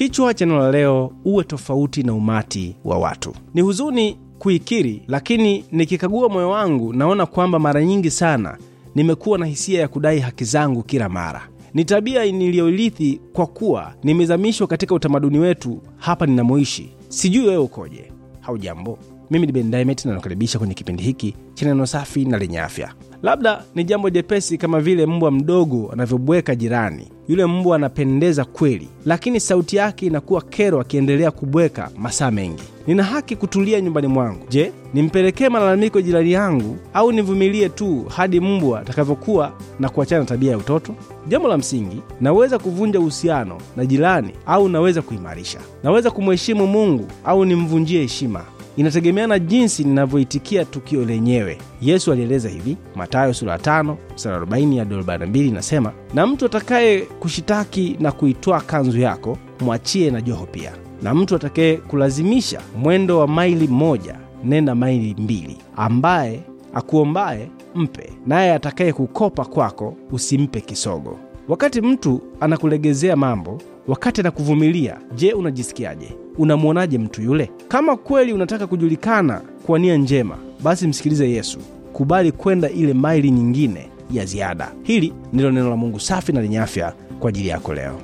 Kichwa cha neno la leo, uwe tofauti na umati wa watu. Ni huzuni kuikiri, lakini nikikagua moyo wangu naona kwamba mara nyingi sana nimekuwa na hisia ya kudai haki zangu kila mara. Ni tabia niliyoirithi kwa kuwa nimezamishwa katika utamaduni wetu hapa ninamoishi. Sijui wewe ukoje? Haujambo, mimi ni Ben Diamond na nakaribisha kwenye kipindi hiki cha neno safi na lenye afya. Labda ni jambo jepesi kama vile mbwa mdogo anavyobweka jirani. Yule mbwa anapendeza kweli, lakini sauti yake inakuwa kero akiendelea kubweka masaa mengi. Nina haki kutulia nyumbani mwangu. Je, nimpelekee malalamiko jirani yangu au nivumilie tu hadi mbwa atakavyokuwa na kuachana tabia ya utoto? Jambo la msingi, naweza kuvunja uhusiano na jirani au naweza kuimarisha. Naweza kumheshimu Mungu au nimvunjie heshima inategemeana jinsi ninavyoitikia tukio lenyewe. Yesu alieleza hivi, matayo sura 5 42, inasema na mtu atakaye kushitaki na kuitwaa kanzu yako mwachie na joho pia, na mtu atakaye kulazimisha mwendo wa maili moja nenda maili mbili, ambaye akuombaye mpe, naye atakaye kukopa kwako usimpe kisogo. Wakati mtu anakulegezea mambo, wakati anakuvumilia, je, unajisikiaje? unamwonaje mtu yule? Kama kweli unataka kujulikana kwa nia njema, basi msikilize Yesu, kubali kwenda ile maili nyingine ya ziada. Hili ndilo neno la Mungu safi na lenye afya kwa ajili yako leo.